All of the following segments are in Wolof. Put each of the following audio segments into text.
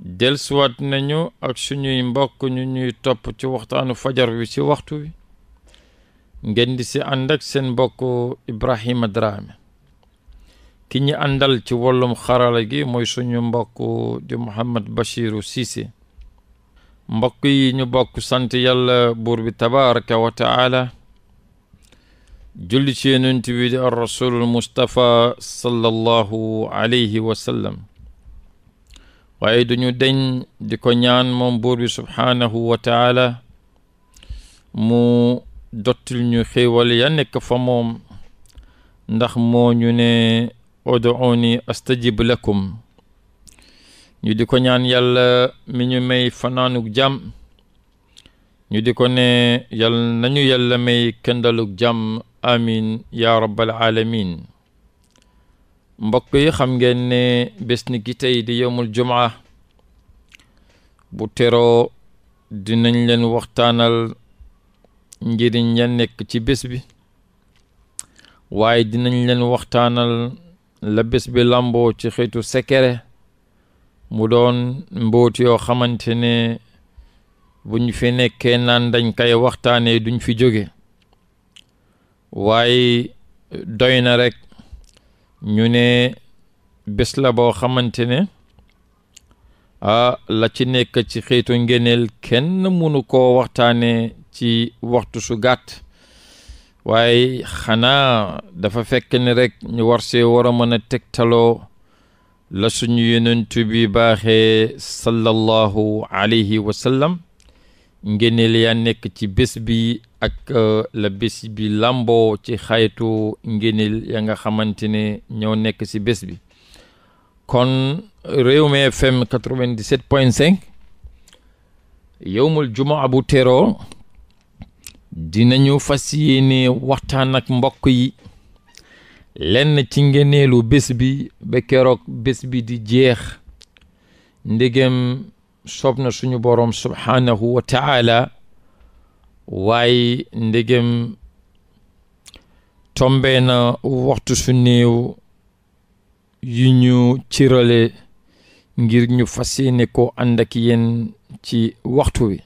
delsuwaat nañu ak suñuy mbokk ñu ñuy topp ci waxtaanu fajar wi ci waxtu wi ngeen di si ànd ak seen mbokk Ibrahima Dramé ki ñi àndal ci wàllum xarala gi mooy suñu mbokk di Mouhamed Bachiru Cissé mbokk yi ñu bokk sant yàlla buur bi tabaraka wa taala julli ci yonent bi di ar rasulul mustapha sallallahu alayhi wa waaye duñu deñ di ko ñaan moom buur bi subhaanahu wa mu dottil ñu xéewal ya nekk fa moom ndax moo ñu ne ud'uuni astajib lakum ñu di ko ñaan yàlla mi ñu may fanaanug jàmm ñu di ko ne yàlla nañu yàlla may kendalug jàmm amin ya rabbal alamin mbokk yi xam ngeen ne bés ni ki tey di yowmul jumaa bu tero dinañ leen waxtaanal njëriñ ya nekk ci bés bi waaye dinañ leen waxtaanal la bés bi làmboo ci xeetu sekere mu doon mbóot yoo xamante ne buñ fi nekkee naan dañ kay waxtaanee duñ fi jóge waaye doy na rek ñu ne bés la boo xamante ne ah la ci nekk ci xeetu ngeneel kenn mënu koo waxtaanee ci waxtu su gàtt waaye xanaa dafa fekk ni rek ñu war see war a mën a tegtaloo la suñu yonent bi baaxee sallallahu alayhi wa sallam ngénneel yaa nekk ci bés bi ak euh, la bés bi làmboo ci xaytu ngénneel ya nga xamante ne ñoo nekk ci bés bi kon Rewmi FM 97.5 yowmul jumaa bu teroo dinañu fas yéene waxtaan ak mbokk yi lenn ci ngénneelu bés bi ba keroog bés bi di jeex ndegem soob na suñu boroom subhaanahu wa waaye ndegem tombee na waxtu su néew yu ñu cirale ngir ñu fas yéene ko ànd ak ci waxtu wi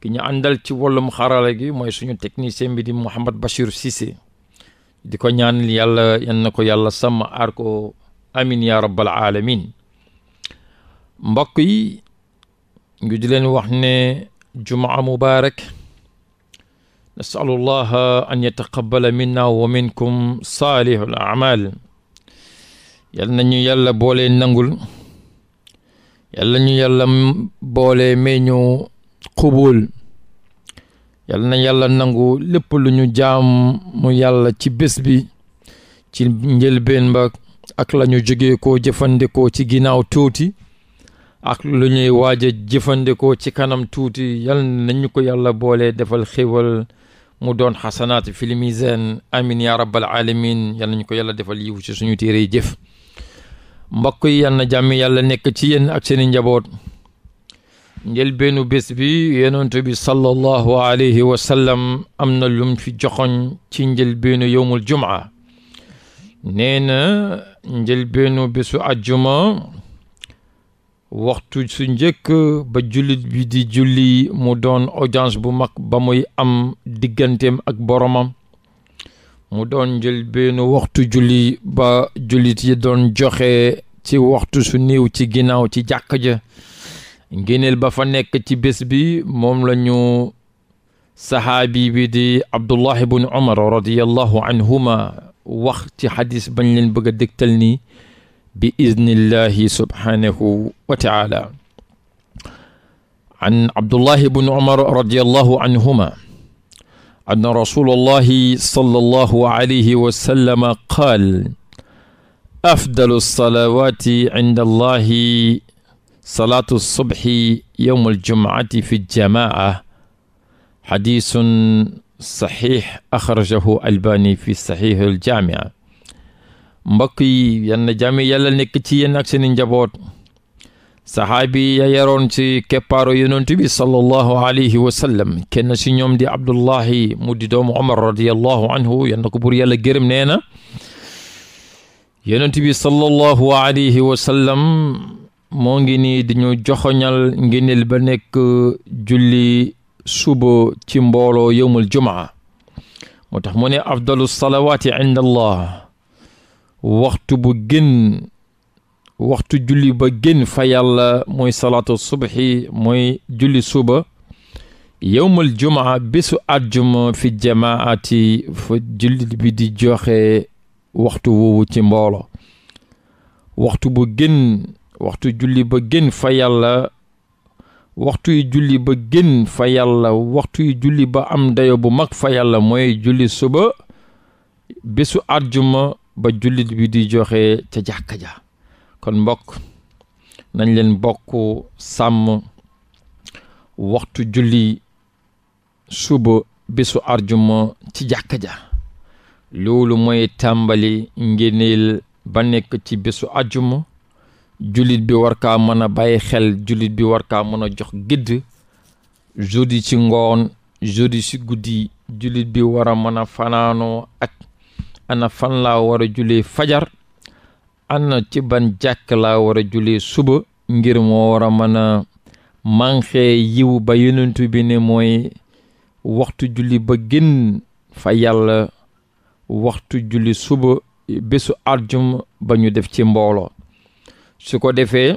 ki ñu àndal ci wàllum xarala gi mooy suñu technicien bi di Mouhamed Bachir Cissé di ko ñaan yàlla yan ko yàlla sama aar ko amin ya rabbal alamin mbokk yi ñu di wax ne jumaa mubaarak nasalu llaha an yataqabala minna wa minkum saalihul amal yal nañu yàlla boole nangul yàlla boole may ñu xubul yàlla yàlla nangu lépp lu ñu jaam mu yàlla ci bés bi ci njëlbeen ba ak la ñu jógee koo jëfandikoo ci ginnaaw tuuti ak lu ñuy waaja a jëfandikoo ci kanam tuuti yal nañu ko yàlla boole defal xéwal mu doon xasanaat fil mizaan amin ya rabbal yal nañu ko yàlla defal yiw ci suñu téere yi jëf mbokk yi yal na jàmm yàlla nekk ci yenn ak seeni njaboot njëlbeenu bés bi yonent bi sallallahu alayhi wa am na lum fi joxoñ ci njëlbeenu yomul jumaa nee na njëlbeenu bésu ajjuma waxtu su njëkk ba jullit bi di julli mu doon audience bu mag ba muy am digganteem ak boroomam mu doon njël benn waxtu julli ba jullit yi doon joxe ci waxtu su néew ci ginnaaw ci jàkk ja ngéneel ba fa nekk ci bés bi moom lañu ñu sahaabi bi di abdullahi bun umar radiallahu anhuma wax ci xadis bañ leen bëgg a dégtal nii bi idnillahi subhanahu wa taala an abdullahi bni umar radiallahu anhuma anna rasulallahi sallallahu alayhi wa sallama qaal afdalu salawaati inda allahi salaatu subhi yowm aljumcati fi ljamaca xadiisun saxiix axrajahu albani fi saxiix aljaamica mbokk yi yan na yàlla nekk ci yéen ak seeni njaboot saxaabi ya yaroon ci keppaaru yonent bi sallallahu alayhi wa kenn si ñoom di abdullahi mu di doomu omar radiallahu anhu yan na ko buur yàlla gërëm nee na yonent bi sallallahu alayhi wa moo ngi nii dañu joxoñal ngeneel ba nekk julli suba ci mbooloo yowmul jumaa moo tax mu ne afdalu salawaati inda allah waxtu bu gën waxtu julli ba gën fa yàlla mooy salaatu subhi mooy julli suba yowmal jumaa bésu àjjuma fi jamaati fa jullit bi di joxe waxtu woowu ci mboolo waxtu bu gën waxtu julli ba gën fa yàlla waxtu yu julli ba gën fa waxtu yu julli ba am dayo bu mag fa yàlla mooy julli suba bésu àjjuma ba jullit bi di joxe ca jàkka ja kon mbokk nañ leen bokk sàmm waxtu julli suba bésu arjuma ci jàkka ja loolu mooy tàmbali ngéneel ba nekk ci bésu arjuma jullit bi war kaa mën a bàyyi xel jullit bi war kaa mën a jox gidd jeudi ci ngoon jeudi ci guddi jullit bi war a mën a fanaanoo ak ana fan laa war a julli fajar ana ci ban jàkk laa war a julli suba ngir moo war a mën a manxe yiw ba yonentu bi ne mooy waxtu julli ba gën fa yàlla waxtu julli suba bésu arjum ba ñu def ci mbooloo su ko defee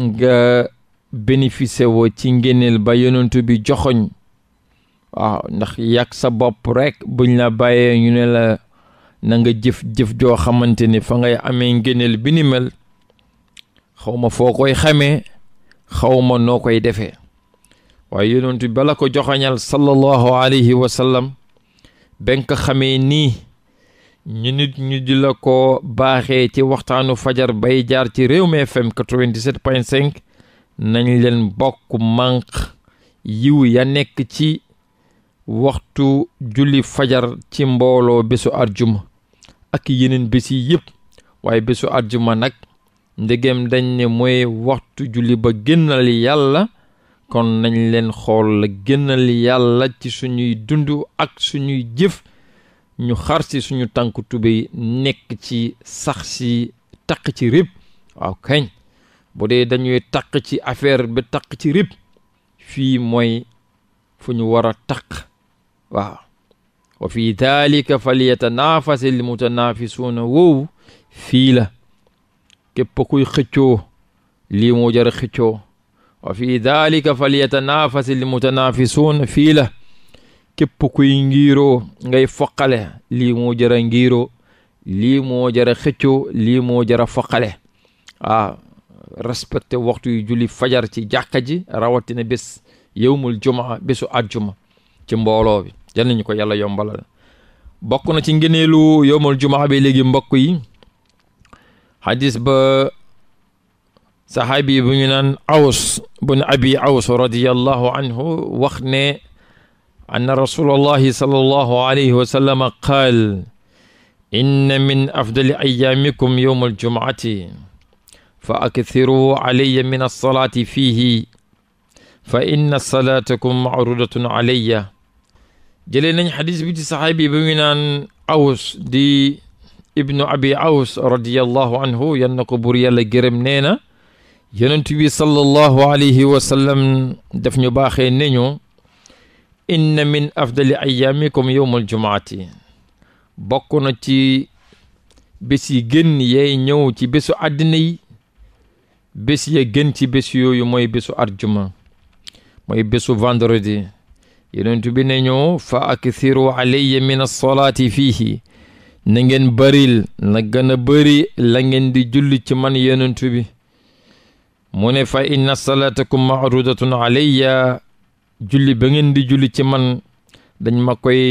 nga bénéficier woo ci ngénneel ba yonentu bi joxoñ waaw ndax yàgg sa bopp rekk buñ la bàyyee ñu ne la nanga jëf-jëf joo xamante ni fa ngay amee ngëneel bi xawma foo koy xamee xawma noo koy defee waaye yonent bi bala ko joxañal sallallahu alayhi wa sallam ben xamee nii ñu nit ñu di la ko baaxee ci waxtaanu fajar bay jaar ci Rewmi FM 97.5 nañu leen bokk mànq yiw ya nekk ci waxtu julli fajar ci mbooloo bésu arjuma ak yeneen bés yi yëpp waaye bésu arjuma nag ndegem dañ ne mooy waxtu julli ba génnal yàlla kon nañ leen xool la génnal yàlla ci suñuy dund ak suñuy jëf ñu xar si suñu tànku tubéy nekk ci sax si taq ci rib waaw kañ bu dee dañuy taq ci affaire bi taq ci rib fii mooy fu ñu war a taq waaw wa fi daalika falyatanafasi l mutanafisuuna woowu fii la képp kuy xëccoo lii moo jar xëccoo wa fi daalika falyatanafasi l mutanafisuuna fii la képp kuy ngiiroo ngay foqale lii moo jar ngiiroo lii moo jar a xëccoo lii moo jar a respecté waxtu yu julli fajar ci jàkka ji rawatina bés jumaa bésu àjjuma ci mbooloo bi yal nañu ko yàlla yombalal bokk na ci ngëneelu yowmal jumaa bi léegi mbokk yi xadis ba saxaabi bu ñu naan aws bun abi aws radiallahu anhu wax ne anna rasulallahi sallallahu alayhi wa sallama qaal inna min afdali ayaamikum yowma aljumaati fa akthiruu alayya min alsalaati fiihi fa inna salaatakum maarudatun alayya jëlee nañ xadis bi ci saxaabi ba mu naan awus di ibnu abi awus radiallahu anhu yan na ko buur yàlla gërëm nee na yonent bi sallallahu alayhi wa sallam daf ñu baaxe ne ñu inna min afdali ayaamikum yowmal jumaati bokk na ci bés yi yay ñëw ci bésu àddina yi bés ya gën ci bés yooyu mooy bésu arjuma mooy bésu vendredi yonent bi ne ñu fa akthiru alayya min alsolaati fiihi na ngeen bëril na bëri la ngeen di julli ci man yonent bi mu ne fa inna salaatakum maarudatun alayya julli ba ngeen di julli ci man dañ ma koy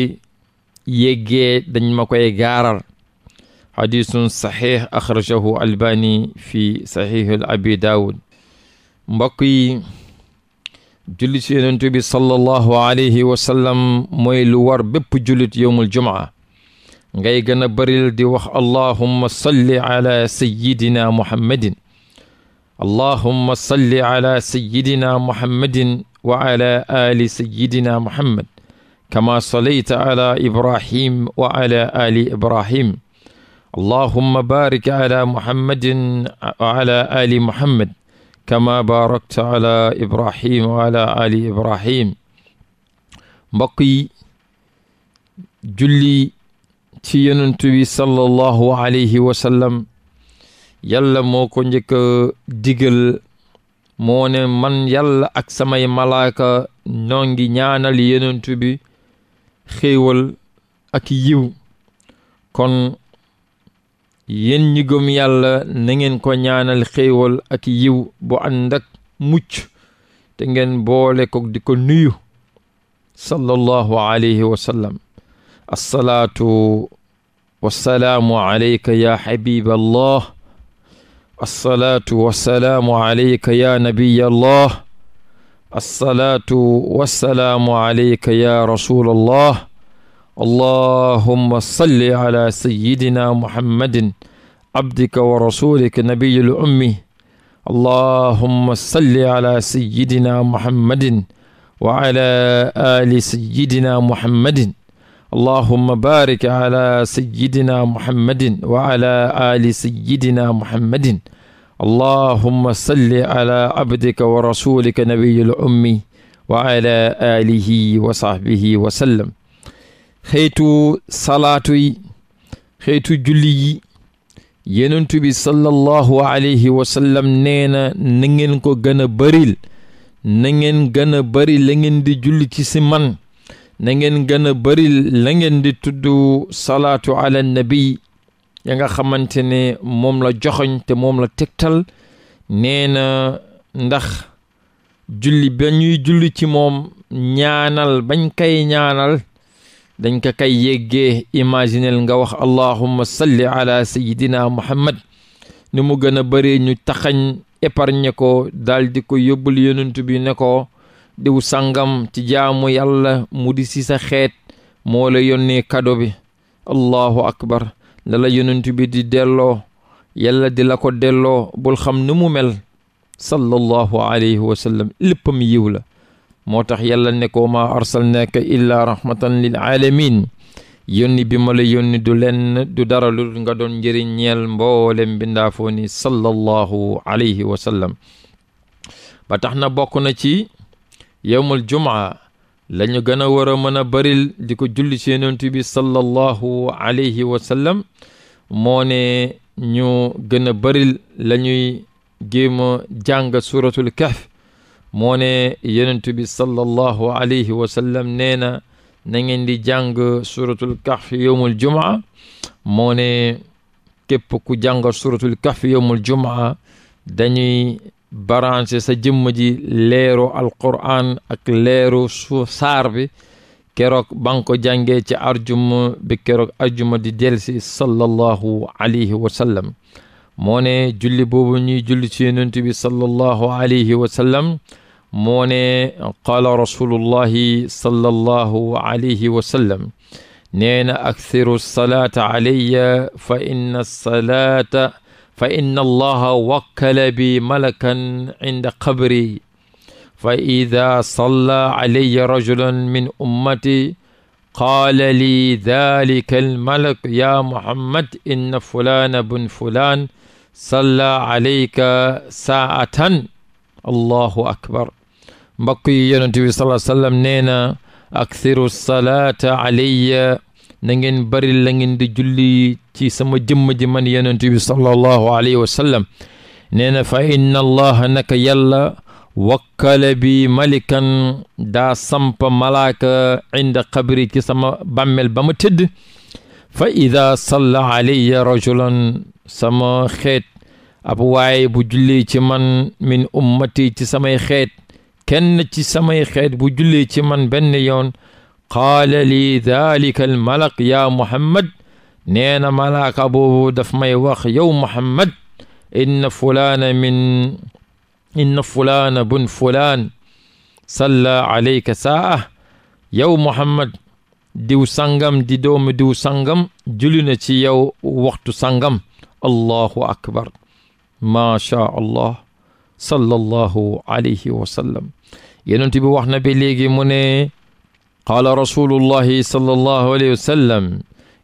yéggee dañ ma koy gaaral xadisun saxiix axrajahu albani fi saxiixul abi daawud mbokk yi julli ci yonent bi sallallahu alayhi wa sallam mooy lu war bépp jullit yowmul jumaa ngay gën a bëril di wax allahumma salli ala sayyidina muhammadin allahumma salli ala sayyidina muhammadin wa ala ali sayyidina muhammad kama sallayta ala ibrahim wa ala ali ibrahim allahumma barik ala muhammadin wa ala ali muhammad kama baarakta ala ibrahim wa ali ibrahim mbokk yi julli ci yonent bi sallallahu alayhi wa sallam yàlla ko njëkk a digal moo man yàlla ak samay malaaka noo ngi ñaanal yonent bi ak yiw kon yéen ñi gëm yàlla nangeen ko ñaanal xéewal ak yiw bu ànd ak mucc te ngeen boole ko di ko nuyu sallallahu alayhi wa sallam assalaatu wassalaamu alayka ya xabib allah assalaatu wassalaamu alayka ya nabiy allah assalaatu wassalaamu ya rasul allahumma salli ala sayyidina muhammadin abdika wa rasulika nabiyil ummi allahumma salli ala sayyidina muhammadin wa ala ali sayyidina muhammadin allahumma barik ala sayyidina muhammadin wa ala ali sayyidina muhammadin allahumma salli ala abdika wa rasulika nabiyil ummi wa ala alihi wa sahbihi wa sallam xeetu salaatu yi xeetu julli yi yenentu bi sallallahu alayhi wa sallam nee na na ngeen ko gën a bëril na ngeen gën a bëri di julli ci si man na ngeen gën a bëri la ngeen di tudd salaatu ala nabi ya nga xamante ne moom la joxoñ te moom la tegtal nee na ndax julli ba julli ci moom ñaanal bañ kay ñaanal dañ ko kay yéggee imaginel nga wax allahumma salli ala sayidina muhammad ni mu gën a bëree ñu taxañ épargne ko daldi ko yóbbul yonent bi ne ko diw sàngam ci jaamu yàlla mu di si sa xeet moo la yónnee kado bi allahu akbar la la bi di delloo yàlla di la ko delloo bul xam ni mu mel sallallahu alayhi wa sallam léppam yiw la moo tax yàlla ne ko ma arsalnaaka illaa rahmatan lil aalamin yónni bi mala la du lenn du dara lu nga doon njëriñ ñeel mboolem bindaafoo ni sallallahu alayhi wa sallam ba tax na bokk na ci yowmul jumaa lañu ñu gën a war a mën a baril di ko julli ci yonent bi sallallahu alayhi wa sallam moo ne ñu gën a baril la ñuy géema jàng suuratul kahf moo ne yonent bi sallallahu alayhi wa sallam nee na na ngeen di jàng suratul kahfi yowmul jumaa képp ku jàng suratul kahfi yowmul jumaa dañuy baranse sa jëmm ji leeru alquran ak leeru su saar bi keroog ban ci arjuma bi keroog arjuma di delsi sallallahu alayhi wa sallam moo julli boobu ñuy julli ci yonent bi sallallahu alayhi wa moo ne qaala rasulullahi sallallahu alayhi wa sallam nee na akthiru salaata alayya fa inna salaata fa inna allaha wakkala bi malakan inda qabri fa ida salla alayya rajulun min ummati qaala li dalika almalak ya muhammad inna fulana bun fulan salla alayka saatan allahu akbar mbokk yi yonent bi sallallahu nee na akthiru salaata alayya na ngeen bari la ngeen di julli ci sama jëmm ji man yonent bi sallallahu nee na fa inna allaha naka yàlla wakkala bi malikan daa sampa malaaka inda xabri ci sama bàmmel ba ma tëdd fa ida salla alayya rajulan sama xeet ab waaye bu julli ci man min ummati ci samay xeet kenn ci samay xeet bu jullee ci man benn yoon qaala lii daalika al malak muhammad nee na malaaka boobu daf may wax yow muhammad inna fulaana min inna fulaana bun fulaan salla alayka saa yow muhammad diw sangam di doomu diw sangam julli na ci yow waxtu sangam allahu akbar maasha allah sallallahu alayhi wa sallam yonent bi wax na ba léegi mu ne qaala rasulullahi sallallahu alayhi wa sallam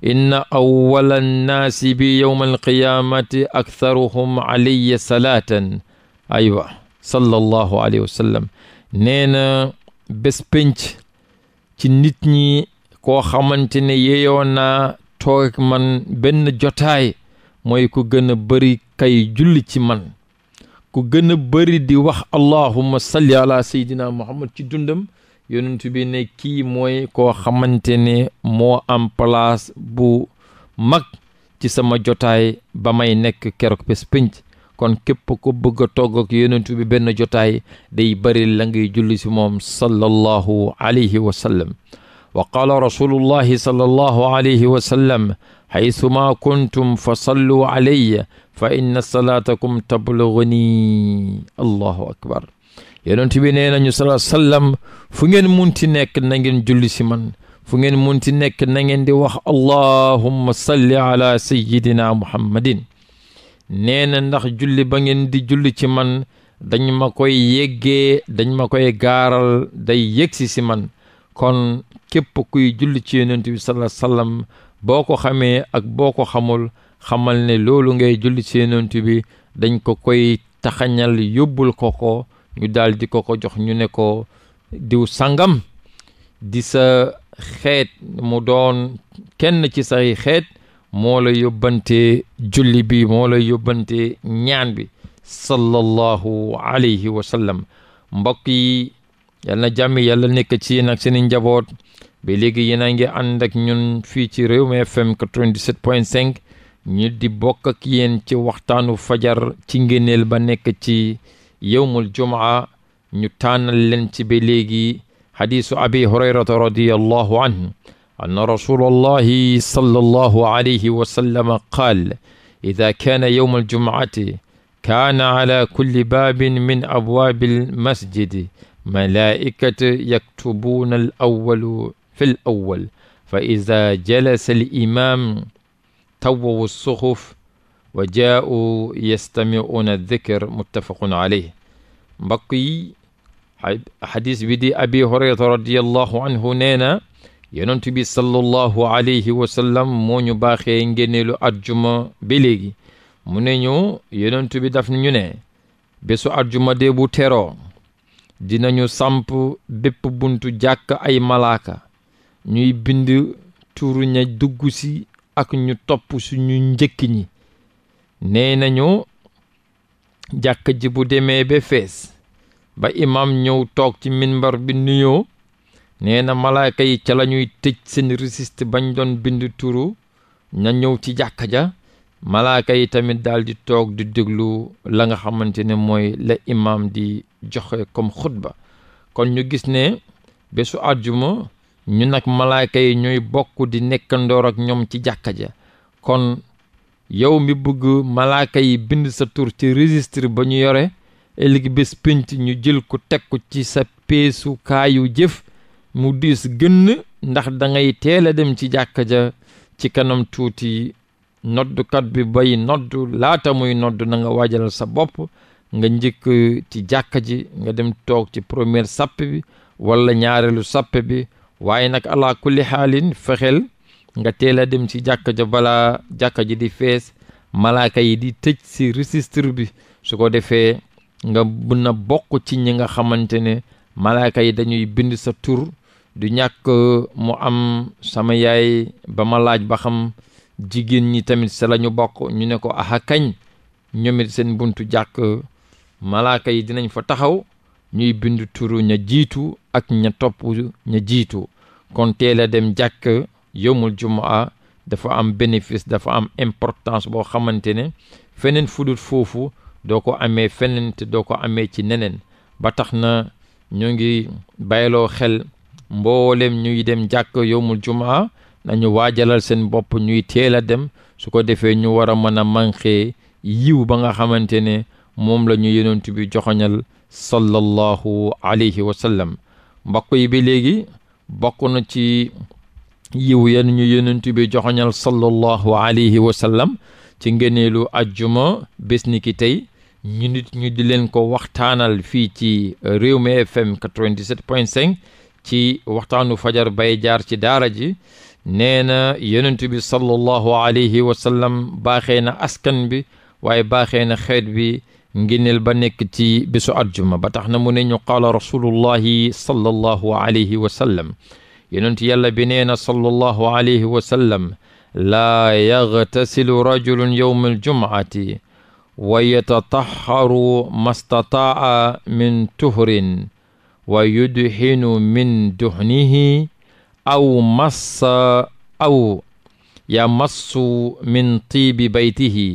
inna awwala annaasi bi yowma alqiyaamati aktharuhum alayya salaatan aywa sallallahu alayhi wa sallam nee na bés ci nit ñi koo xamante ne yeeyoo naa toog man benn jotaay mooy ku gën a bëri kay julli ci man ku gën a di wax allahumma salli ala sayyidina muhammad ci dundam yonent bi ne mooy koo xamante ne moo am palaas bu mag ci sama jotaay ba may nekk keroog bés kon képp ko bëgg a togg ak bi benn jotaay day bëri la ngay julli si moom sallallahu alayhi wa wa qaala rasulullahi sallallahu alayhi wa sallam kuntum fa sallu alayya fa inna salaatakum tablughuni allahu akbar yonent bi nee nañu salaa sallam fu ngeen munti nekk na ngeen julli si man fu ngeen munti nekk nangeen di wax allahumma salli ala sayyidina muhammadin nee na ndax julli ba ngeen di julli ci man dañ ma koy yéggee dañ ma koy gaaral day yëgsi si man kon képp kuy julli ci yonent bi salaa sallam boo ko xamee ak boo ko xamul xamal ne loolu ngay julli ci bi dañ ko koy taxañal yóbbul ko ko ñu daldi ko ko jox ñu ne ko diw sangam di sa xeet mu doon kenn ci say xeet moo la yóbbante julli bi moo la yóbbante ñaan bi sallallahu alayhi wa sallam mbokk yi yal na jàmm yàlla nekk ci yéen ak seeni njaboot bi léegi yéen a ngi ànd ak ñun fii ci réew Rewmi FM 97.5 ñi di bokk ak yéen ci waxtaanu fajar ci ngéneel ba nekk ci yowmul jumaa ñu tànnal leen ci ba léegi xadiisu abi hurayrata radiyallahu anhu anna rasulallahi sallallahu alayhi wa sallam qaal ida kaana yowm aljumaati kaana ala kulli baabin min abwaabi almasjidi malaa'ikatu yaktubuuna al awalu fi l awal fa ida jalasa al imaam tawwawu suxuf wa jaau yastamiuuna dikr muttafaqun alayh mbokk yi xadis bi di abi hurayrata radiallahu anhu nee na yonent bi sallallahu alayhi moo ñu baaxee ngénneelu àjjuma ba léegi mu ne ñu yonent bi daf ñu ne bésu àjjuma de bu dina dinañu samp bépp buntu jàkk ay malaaka ñuy bind tuuru ña dugg si ak ñu topp suñu njëkk ñi nee nañu jàkk ji bu demee ba fees ba imam ñëw toog ci minbar bi nuyoo nee na malaaka yi ca la ñuy tëj seen registre bañ doon bind turu ña ñëw ci jàkk ja malaaka yi tamit daldi toog di déglu la nga xamante ne mooy la imam di joxe comme xutba kon ñu gis ne bésu àjjuma ñu nag malaaka yi ñooy bokk di nekkandoor ak ñoom ci jàkka ja kon yow mi bëgg malaaka yi bind sa tur ci registre ba ñu yore ëllëg bés pénc ñu jël ko teg ko ci sa peesukaayu jëf mu diis gënn ndax dangay ngay teel a dem ci jàkka ja ci kanam tuuti noddukat bi bay nodd laata muy nodd na nga waajalal sa bopp nga njëkk ci jàkka ji nga dem toog ci première sàpp bi wala ñaareelu sàpp bi waaye nag ala kulli xaalin fexeel nga teel a dem ci jàkka ja balaa jàkka ji di fees malaaka yi di tëj ci registre bi su ko defee nga mën a bokk ci ñi nga xamante ne malaaka yi dañuy bind sa tur du ñàkk mu am sama yaay ba ma laaj ba xam jigéen ñi tamit sa la bokk ñu ne ko aha kañ ñoom it seen buntu jàkk malaaka yi dinañ fa taxaw ñuy bind turu ña jiitu ak ña topp ña jiitu kon teel a dem jàkk yowmul jumaa dafa am bénéfice dafa am importance boo xamante ne feneen fudut foofu doo ko amee feneen te doo ko amee ci neneen ba tax na ñu ngi bàyyiloo xel mboolem ñuy dem jàkk yowmul jumaa nañu waajalal seen bopp ñuy teel a dem su ko defee ñu war a mën a manqué yiw ba nga xamante ne moom la ñu yonent bi joxoñal sallallahu alayhi wa sallam mbokk yi ba léegi bokk na ci yiw yenn ñu yonent bi joxoñal sallallahu alayhi wa sallam ci ngëneelu ajjuma bés ni ki tey ñu ñu di leen ko waxtaanal fii ci réew Rewmi FM 97.5 ci waxtaanu fajar bay jaar ci daara ji nee na yonent bi sallallahu alayhi wa sallam na askan bi waaye baaxee xeet bi ngénneel ba nekk ci bésu àjjuma ba tax na mu ne ñu qaala rasulullahi sallallahu alayhi wa sallam yonent yàlla bi nee na sallallahu alayhi wa sallam laa yagtasilu rajulun yowma aljumcati wa yatataxaru mastataa'a min tuhrin wa yudxinu min duxnihi aw massa aw yamassu min tiibi baytihi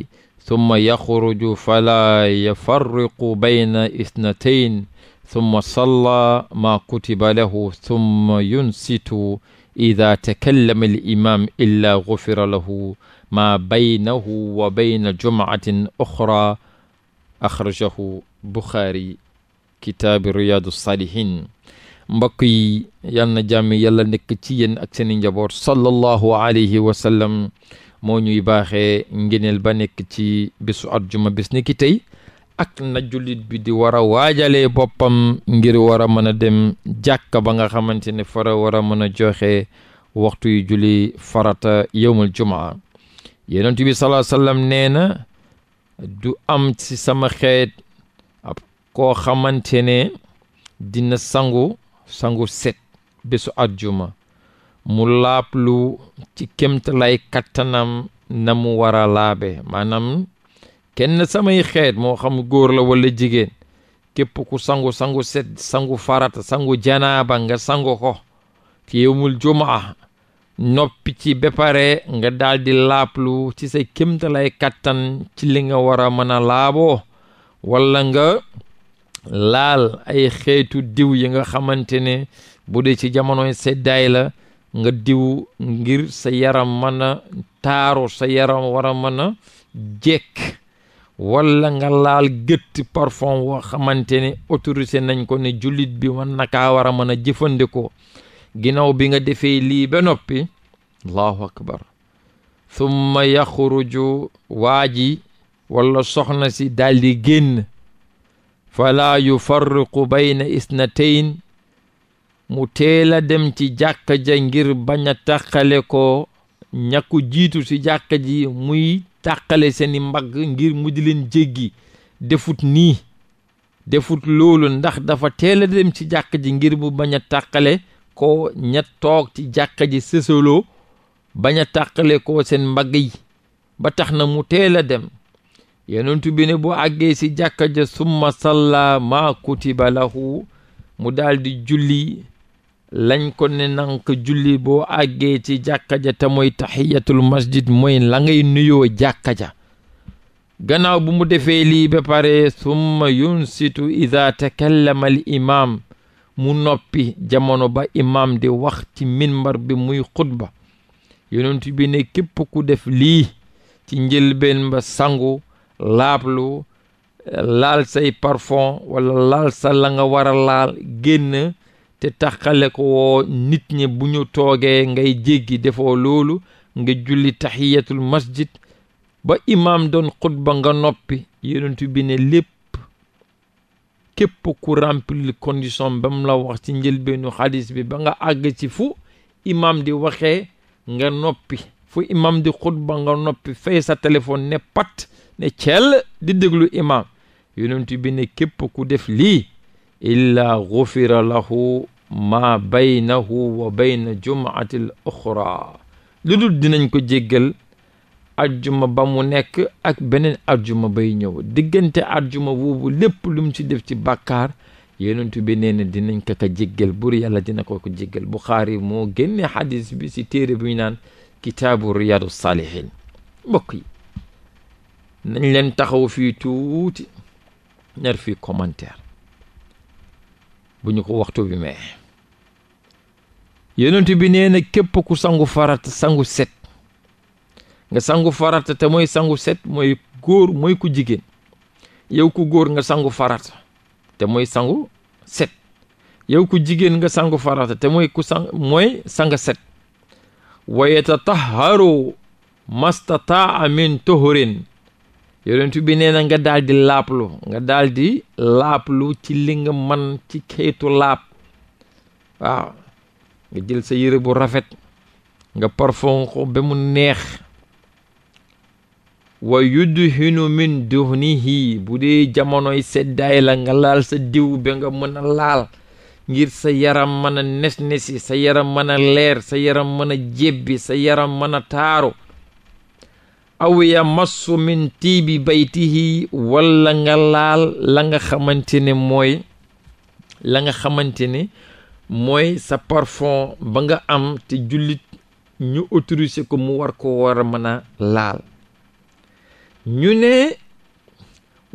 summa yaxruju falaa yafarriqu bayna isnatain summa salla maa kutiba lahu summa yunsitu ida takallama al imam illa gufira lahu maa baynahu wa bayna jumcatin oxra axrajahu buxaari kitaabi riyaadu saalihin mbokk yi yal na jàmm yàlla nekk ci yéen ak seeni njaboot sallallahu alayhi wa sallam moo ñuy baaxee ngeneel ba nekk ci bésu àjjuma bés ni ki tey ak na jullit bi di war a waajalee boppam ngir war a mën a dem jàkka ba nga xamante ne fara war a mën a joxe waxtu yu julli farata yowmal jumaa yonent bi salaa sallam nee na du am ci sama xeet ab koo xamante ne dina sangu sangu set bésu àjjuma mu laablu ci kemtalay kattanam na mu war a laabe maanaam kenn samay xeet moo xam góor la walla jigéen képp ku sangu sangu set sangu farata sangu janaaba nga sangu ko ci yowmul jumaa noppi ci ba pare nga daldi di laablu ci say kemtalay kattan ci li nga war a mën a laaboo wala nga laal ay xeetu diw yi nga xamante ne bu dee ci jamonoy seddaay la nga diw ngir sa yaram mën a taaru sa yaram war a mën jekk wala nga laal gëtt parfum woo xamante ne autorisé nañ ko ne julit bi mën na kaa war a mën a jëfandikoo ginnaaw bi nga defee lii ba noppi allahu akbar thumma yaxruju waa ji wala soxna si daldi génn falaa yufarriqu bayna isnatayn mu teel a dem ci jàkka ja ngir bañ a tàqale ko ñàkku jiitu ci jàkka ji muy tàqale seeni mbagg ngir mu di leen jéggi defut nii defut loolu ndax dafa teel a dem ci jàkka ji ngir mu bañ a tàqale ko ña toog ci jàkka ji sësaloo bañ a tàqale ko seen mbagg yi ba tax na mu teel a dem yonentu bi ne bu àggee ci jàkka ja summa salla maa kutiba lahu mu daldi di julli lañ ko ne nank julli boo àggee ci jàkka ja te mooy taxiyatul masjid mooy la ngay nuyoo jàkka ja gannaaw bu mu defee lii ba pare summa yunsitu ida takallama al imaam mu noppi jamono ba imaam di wax ci minbar bi muy xutba yonent bi ne képp ku def lii ci njëlbeen ba sangu laablu laal say parfum walla laal sa la nga war a laal génn te taxale ko nit ñi bu ñu toogee ngay jéggi defoo loolu nga julli tahiyatul masjid ba imam doon xutba nga noppi yonent bi ne lépp képp ku remplir condition ba mu la wax ci njëlbeenu xadis bi ba nga àgg ci fu imaam di waxee nga noppi fu imam di xutba nga noppi fay sa téléphone ne pat ne cell di déglu imaam yonent bi ne képp ku def lii illaa gufira lahu maa baynahu wa bayna jumaati l oxra lu dul dinañ ko jéggal ajjuma ba mu nekk ak beneen ajjuma bay ñëw diggante ajjuma boobu lépp lu ci def ci bàkkaar yonent bi nee na dinañ ko ko jéggal bur yàlla dina ko ko jéggal Buxaari moo génne xadis bi ci téere bi ñu naan kitaabu riyaadu saalihin mbokk yi nañ leen taxaw fii tuuti nar fii commentaire bu ñu ko waxtu bi mee yonent bi nee na képp ku sangu farata sangu set nga sangu farata te mooy sangu set mooy góor mooy ku jigéen yow ku góor nga sangu farata te mooy sangu set yow ku jigéen nga sangu farata te mooy ku sang mooy sanga set wa masta mastataa min tohorin yonent bi nee na nga daal di laaplu nga daldi di laaplu ci li nga man ci xeetu laap waaw nga jël sa yére bu rafet nga parfum ko ba mu neex wa yudhinu min duhnihi bu dee jamonoy seddaay la nga laal sa diw ba nga mën a laal ngir sa yaram mën a nes nesi sa yaram mën a leer sa yaram mën a jébbi sa yaram mën a taaru aw yamassu min tiibi baytihi walla nga laal la nga xamante ne mooy nga xamante ne mooy sa parfum ba nga am te jullit ñu autorisé ko mu war ko war a mën a laal ñu ne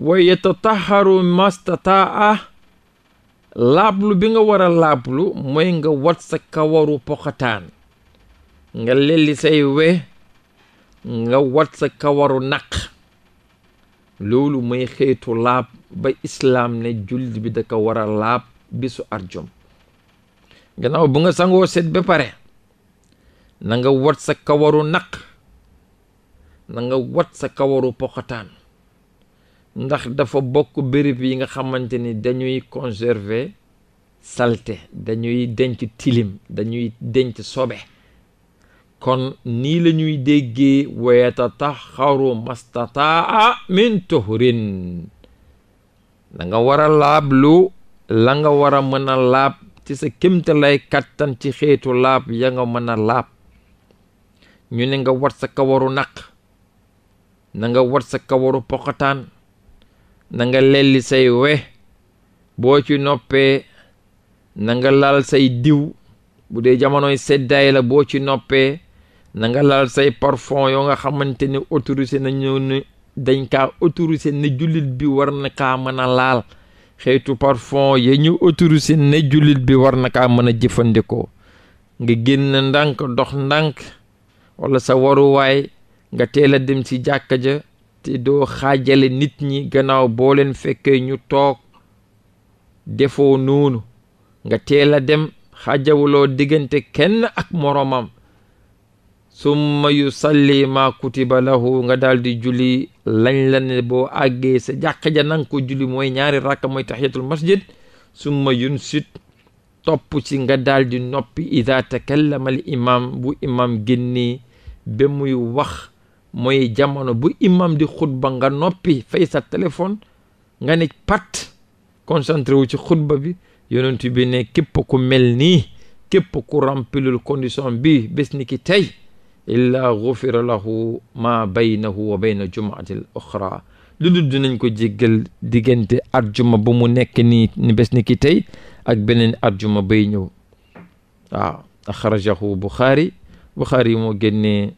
wa yatataharu mastataa laablu bi nga war a laablu mooy nga wat sa kawaru poxataan nga lelli say we nga wat sa kawaru naq loolu muy xeetu laab ba islaam ne jullit bi da ko war a laab bisu arjum gannaaw bu nga sangoo set ba pare na nga wat sa kawaru naq na nga wat sa kawaru poqataan ndax dafa bokk bërëb yi nga xamante ni dañuy conserver salte dañuy denc tilim dañuy denc sobe kon nii la ñuy déggee wayatataxaru mastataa min tuhrin da nga war a laab lu la nga war a mën a laab ci sa kémtalay kàttan ci xeetu laab ya nga mëna a laab ñu ne nga wat sa kawaru naq na wat sa kawaru poqataan na nga lelli say we boo ci noppee na nga laal say diw bu dee jamonoy seddaay la boo ci noppee na nga laal say parfum yoo nga xamante ne autorisé nañu ne dañ ko autorisé ne jullit bi war na kaa mën a laal xeetu parfum ya ñu autorisé ne jullit bi war na kaa mën a jëfandikoo nga génn ndànk dox ndànk walla sa waruwaay nga teel a dem ci jàkka ja te doo xaajale nit ñi gannaaw boo leen fekkee ñu toog defoo noonu nga teel a dem xaajawuloo diggante kenn ak moroomam summa yusalli ma kutiba lahu nga daal di julli lañ la ne boo àggee sa jàkka ja nanga juli mooy ñaari rakk mooy tahiyatul masjid summa yunsit topp ci nga daldi noppi ida takallama al imam bu imam génnee ba muy wax mooy jamono bu imam di xutba nga noppi fay sa téléphone nga ne pat concentré wu ci xutba bi yonent bi ne képp ku mel nii képp ku rampilul condition bi bés ni ki tey illaa gufira lahu maa baynahu wa bayna jumaatil oxra lu dul dinañ ko jéggal diggante arjuma bu mu nekk nii ni bés ni ki tey ak beneen arjuma bay ñëw waaw axrajahu buxaari buxaari yi moo génnee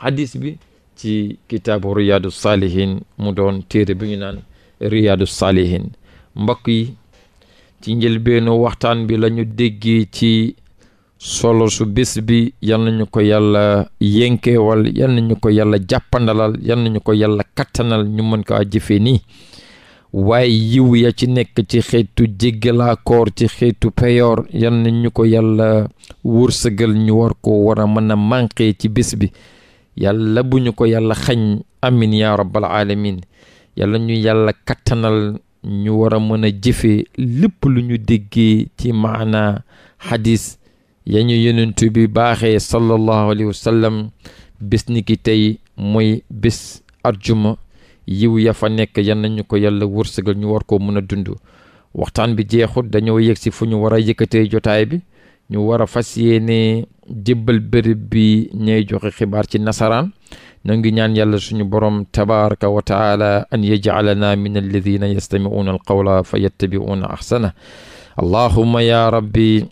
xadis bi ci kitaabu riyaadu saalihin mu doon téere bi ñu naan riyaadu saalihin mbokk yi ci njëlbeenu waxtaan bi lañu déggee ci solo su bés bi yal nañu ko yàlla yénkeewal yal nañu ko yàlla jàppandalal yal nañu ko yàlla kattanal ñu mën ko jëfe nii waaye yiw ya ci nekk ci xeetu jéggalaakoor ci xeetu peyoor yal nañu ko yàlla wërsëgal ñu war ko war a mën a manqué ci bés bi yàlla bu ñu ko yàlla xañ amin ya rabbal alamin yàlla ñu yàlla kattanal ñu war a mën a jëfee lépp lu ñu déggee ci maana hadis yañu yonent bi baaxee sallallahu alayhi wa sallam bis ni ki tey mooy bis arjuma yiw yafa fa nekk yan nañu ko yàlla wërsëgal ñu war ko mën a dund waxtaan bi jeexut dañoo yegg si fu ñu war a yëkkatee jotaay bi ñu war a fas yéene jébbal bërëb bi ñay joxe xibaar ci nasaraan na ngi ñaan yàlla suñu borom tabaraka wa taala an yajcalana min alladina yastamicuuna alqawla fa yattabicuuna axsana allahuma ya rabbi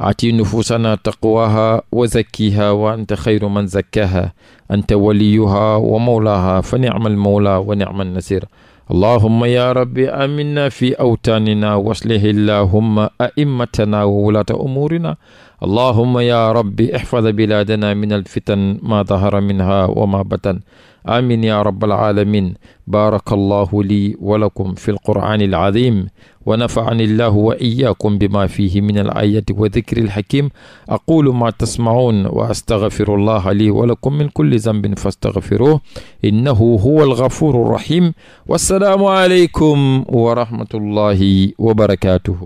aati nufuusanaa taqwaha wa zakkiha wa anta xayru man zakkaha anta waliyuha wa mawlaha fa nicmal mawla wa nicma nasir allahuma ya rabbi aminna fi awtaanina waslih illahumma a'immatana wa wulaata umuurina allahuma ya rabbi ixfad bilaadana min alfitan ma dahara minha wa ma batan amin ya rabbal alamin baarakallahu lii wa lakum fi alqur'ani alazim wa nafa'ani llahu wa iyyakum bima fihi min alayati wa dhikri alhakim aqulu ma tasma'un wa astaghfiru llaha lii wa lakum min kulli dhanbin fastaghfiruhu innahu huwa alghafuru rahim wassalaamu alaykum wa rahmatullahi wa barakatuhu